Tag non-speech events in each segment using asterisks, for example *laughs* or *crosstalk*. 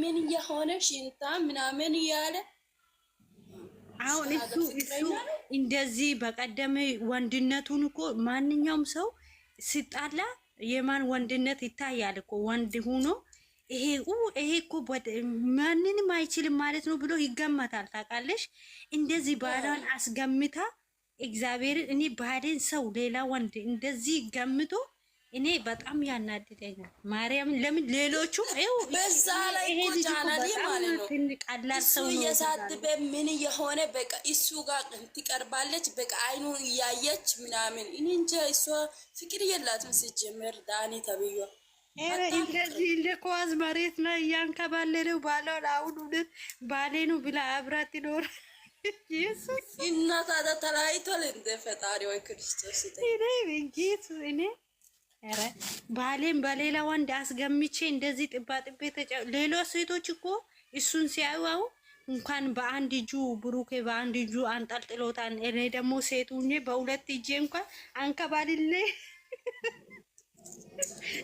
ምን የሆነ ሽንታ ምናምን እያለ አሁን እሱ እሱ እንደዚህ በቀደም ወንድነቱን እኮ ማንኛውም ሰው ሲጣላ የማን ወንድነት ይታያል እኮ ወንድ ሆኖ ይሄ ይሄ እኮ ማንንም አይችልም ማለት ነው ብሎ ይገመታል። ታውቃለሽ፣ እንደዚህ ባሏን አስገምታ እግዚአብሔርን እኔ ባሌን ሰው ሌላ ወንድ እንደዚህ ገምቶ እኔ በጣም ያናድደኝ ነው ማርያም። ለምን ሌሎቹም በዛ ላይ ቁጫናኒ ማለት ነው እሱ እየሳደበ ምን የሆነ በቃ እሱ ጋር ትቀርባለች፣ በቃ አይኑ እያየች ምናምን። እኔ እንጃ እሷ ፍቅር የላትም ሲጀምር። ዳኒ ተብዮ እንደዚህ እንደ ኳዝ መሬት ላይ እያንከባለለው ባለውን አሁን ውነት ባሌ ነው ብላ አብራት ይኖር *laughs* ኢየሱስ እናታ ታዲያ ተለያይቷል። እንደ ፈጣሪ ወይ ክርስቶስ ጌቱ እኔ ኧረ ባሌን በሌላ ወንድ አስገምቼ እንደዚህ ጥባ ጥቤ ተጫ ሌሎች ሴቶች እኮ እሱን ሲያዩው እንኳን በአንድ እጁ ብሩኬ በአንድ እጁ አንጠልጥሎታል። እኔ ደግሞ ሴቱ በሁለት እጄ እንኳን አንከባልሌ *laughs*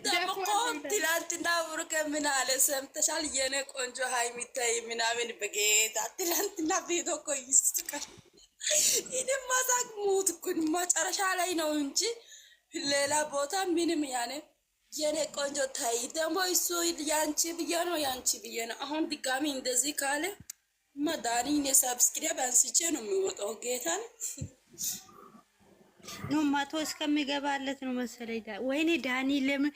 ደሞ ትላንትና ብሩኬ ምን አለ ሰምተሻል? የኔ ቆንጆ ሀይሚታይ ምናምን በጌታ ትላንትና ቤቶ እኮ ይስቃል። ይህንማ ሳቅ ሙት እኮ መጨረሻ ላይ ነው እንጂ ሌላ ቦታ ምንም ያኔ የኔ ቆንጆ ታይ ደግሞ እሱ ያንቺ ብዬ ነው ያንቺ ብዬ ነው። አሁን ድጋሚ እንደዚህ ካለ መዳኒ እኔ ሰብስክሪብ አንስቼ ነው የሚወጣው። ጌታን ነው መቶ እስከሚገባለት ነው መሰለኝ። ወይኔ ዳኒ ለምን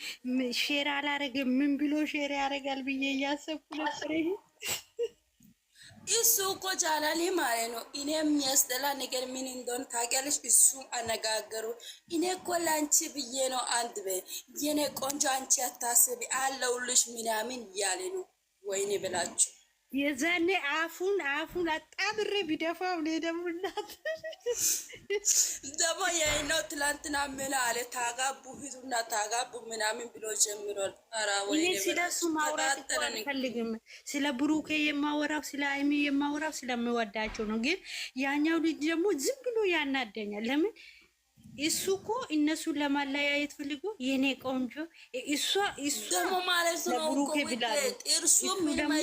ሼር አላረገ? ምን ብሎ ሼር ያደርጋል ብዬ እያሰብኩ ነበር። እሱ እኮ ቻላል ማለት ነው። እኔ የሚያስጠላ ነገር ምን እንደሆን ታውቂያለሽ? እሱ አነጋገሩ እኔ እኮ ለአንቺ ብዬ ነው አንድ በይ የኔ ቆንጆ፣ አንቺ አታስቢ አለውልሽ ምናምን እያለ ነው። ወይኔ ብላችሁ የዛኔ አፉን አፉን አጣብሬ ቢደፋው እኔ ደሙናት ደግሞ የይነው ትላንትና ምን አለ ታጋቡ ሂዱና ታጋቡ ምናምን ብሎ ጀምሯል። ስለሱ ማውራት አልፈልግም። ስለ ብሩኬ የማወራው ስለ አይሚ የማወራው ስለምወዳቸው ነው። ግን ያኛው ልጅ ደግሞ ዝም ብሎ ያናደኛል። ለምን እሱ እኮ እነሱን ለማለያየት ፈልጎ የኔ ቆንጆ እሷ እሱ ማለት ነው ጥርሱ ምንም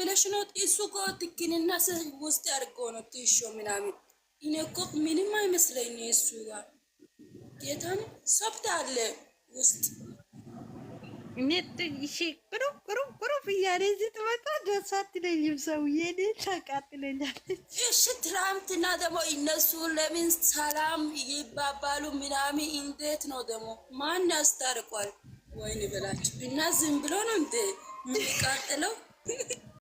ብለሽ ነው። እሱ እኮ ትክንና ውስጥ አድርጎ ነው ትሾ ምናምን። እኔ እኮ ምንም አይመስለኝ እሱ ጋር ጌታን ሶብት አለ ውስጥ ቁሩፍ እያለ እዚህ ትመጣ ደስ አትለኝም። ሰውዬ እኔን ታቃጥለኛለች። እሺ ትናንትና ደግሞ እነሱ ለምን ሰላም ይባባሉ ምናምን? እንዴት ነው ደግሞ ማን ያስታርቋል? ወይን በላቸው እና ዝም ብሎ ነው እንዴ የሚቃጥለው